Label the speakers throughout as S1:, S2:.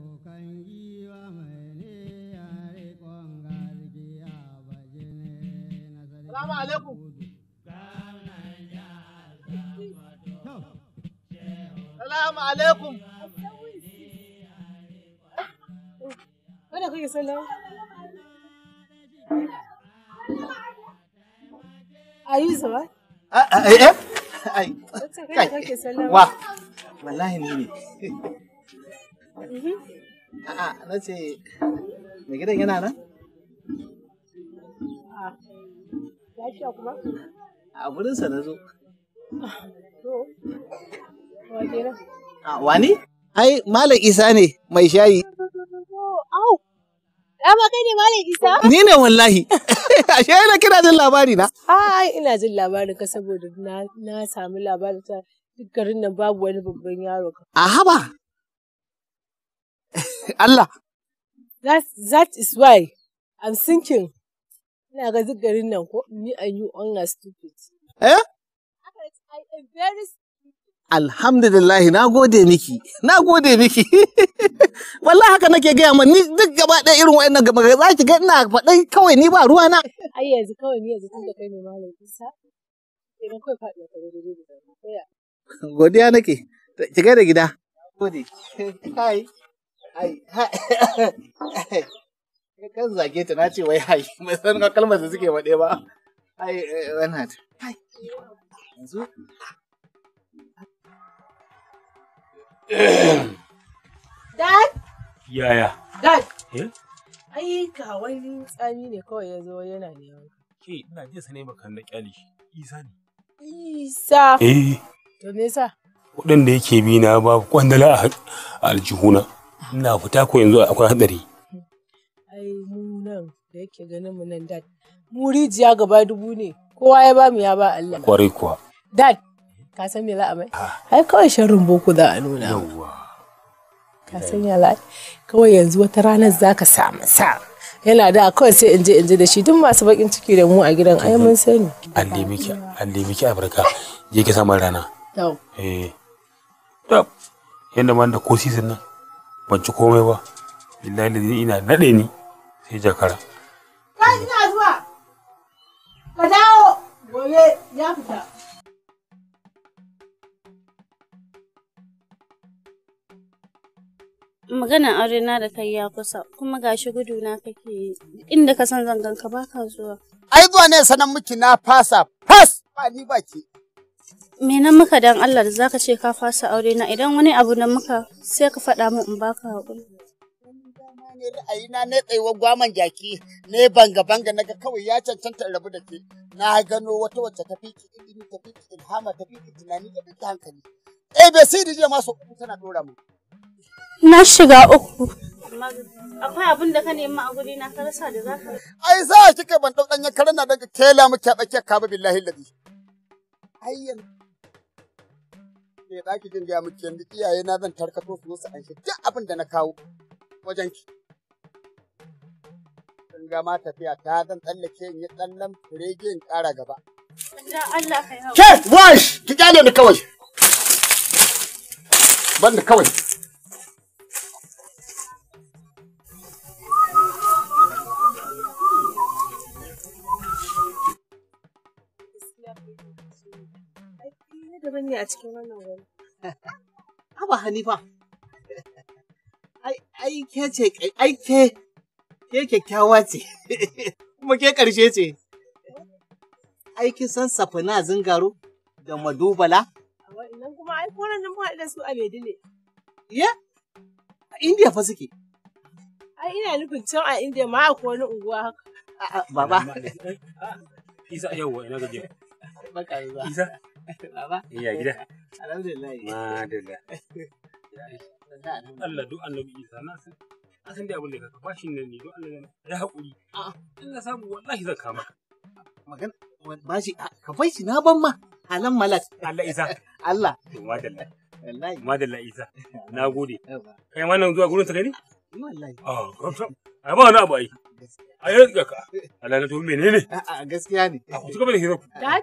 S1: a Salamu
S2: alaikum. Wanda kuke ah, ah, eh, eh? Ai. Wa.
S1: Wallahi ne.
S2: Mm-hmm.
S1: A'a, na ce, mai gidan yana nan?
S2: Ah, lafiya kuma? A gurinsa na zo. Wani?
S1: Ai, Malam Isa ne mai shayi.
S2: Au, ma kai ne Malam Isa? Ni
S1: ne wallahi. Ashe yana kira jin labari na?
S2: Ai, ina jin labarin ka saboda na sami labarin ta garin nan babu wani babban yaro. ka. A haba, Allah. That, that is why I'm thinking, ina ga duk garin nan ko me and you on a stupid. Eh?
S1: Alhamdulillah na gode miki, na gode miki. Wallahi haka nake gaya ma ni duk gaba ɗaya irin wa'annan gaba za ki ga ina faɗa kawai ni ba ruwa na.
S2: Ai yanzu kawai ni yanzu tun da kai ne malam Isa. Idan kawai faɗi ka gode da
S1: Godiya nake. Ki ga da gida. Gode.
S2: Kai.
S1: ai kan zage ta na ce wai hai mai san kalmar da suke faɗe ba ai eh, wannan hai yanzu
S2: Dad? Yaya? Dad? Eh? Ai ka wani tsami ne kawai ya zo yana neman Ke ina jin sa ne bakan na kyale shi. Isa ne. Isa. Eh. To me yasa? da yake bi na babu kwandala a aljihuna. Ina fita ko yanzu akwai hadari Ai mu nan da yake ganin mu nan dad. Mu rijiya gaba dubu ne. Kowa ya ba mu ya ba Allah. Kwarai kuwa. Dad ka san me la'amai ah. Ai kawai sharrin boko da a nuna. Yawwa. Ka san ya la'ai Kawai yanzu wata ranar zaka samu sa. yana da kawai sai in je in je da shi duk masu bakin ciki da mu a gidan ai mun sani an dai miki an dai miki abarka je ki samu rana eh to yanda ma da ko season nan ban ci komai ba billahi ina nade ni sai jakara ji na zuwa ka dawo gobe ya fita maganan aure na da kai ya kusa kuma gashi gudu na kake yi inda ka san zangan ka baka zuwa ai zuwa ne sanan miki na fasa fas ba ni ba ke menan muka dan Allah da zaka ce ka fasa aure na idan wani abu na muka sai ka faɗa min in baka haƙuri.
S1: ne ra'ayina na tsayuwar gwaman jaki ne banga-banga naga kawai ya cancanta rabu da ke na gano wata wacce tafi ki ilimi tafi ki ilhama tafi ki tunani tafi ki hankali eh bai sai da ma so uku tana dora mu
S2: na shiga uku akwai abin da ka nema a guri na ka rasa da zaka
S1: ai za kika ban dan dan ya karana daga kela muke a tsakiyar kaba billahi ladi hayyan me za ki jin gaya miki yanzu iyaye na zan tarkato su su an duk abin da na kawo wajen ki sun gama tafiya ta zan tsallake in yi tsallan firege in ƙara gaba.
S2: Ke wash ki ƙyale
S1: ni kawai. Ban da kawai.
S2: ne a cikin wannan gari. Haba Hanifa,
S1: ai ke ce, ai ke, ke kyakkyawa ce, kuma ke ƙarshe ce. Ai kin san safina zingaro da madubala?
S2: inan kuma ai koran nan faɗi da su a Bedile. Ye? A Indiya fa suke. Ai ina nufin can a Indiya ma akwai wani unguwa haka. Baba. Isa yau ina gajiya. Baka yi ba. Isa. Baba. Iya gida.
S1: Alhamdulillah. Allah duk annabi Isa na san. dai abin da ka kafa shi ne duk Allah ya
S2: A'a samu
S1: wallahi ba shi ka shi na ban ma. malas. Allah Isa.
S2: Allah. Madalla. Wallahi. Madalla Isa. Na gode. Kai ma nan zuwa gurin ta gani? Wallahi. Ah, rabta. Ai ba ai. Ai ga ka. Allah na to
S1: menene? A'a gaskiya ne. Ah, a Dad.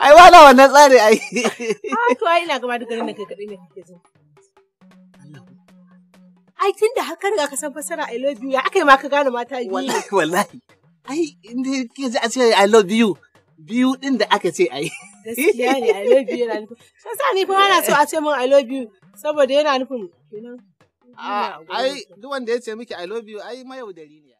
S1: ai ba na wannan tsari ai
S2: ah, to ai ina gaba da garin nan kai kadai ne kake zo ai tunda har ka riga ka san fasara i love you ya akai ma ka gane mata biyu wallahi wallahi ai inda kike ji a
S1: ce i love you biyu din da aka ce ai
S2: gaskiya ne i love you yana nufin sai sa ni kuma ana so a ce min i love you saboda yana nufin kenan ah, ai duk
S1: wanda ya ce miki i love you ai mayaudari ne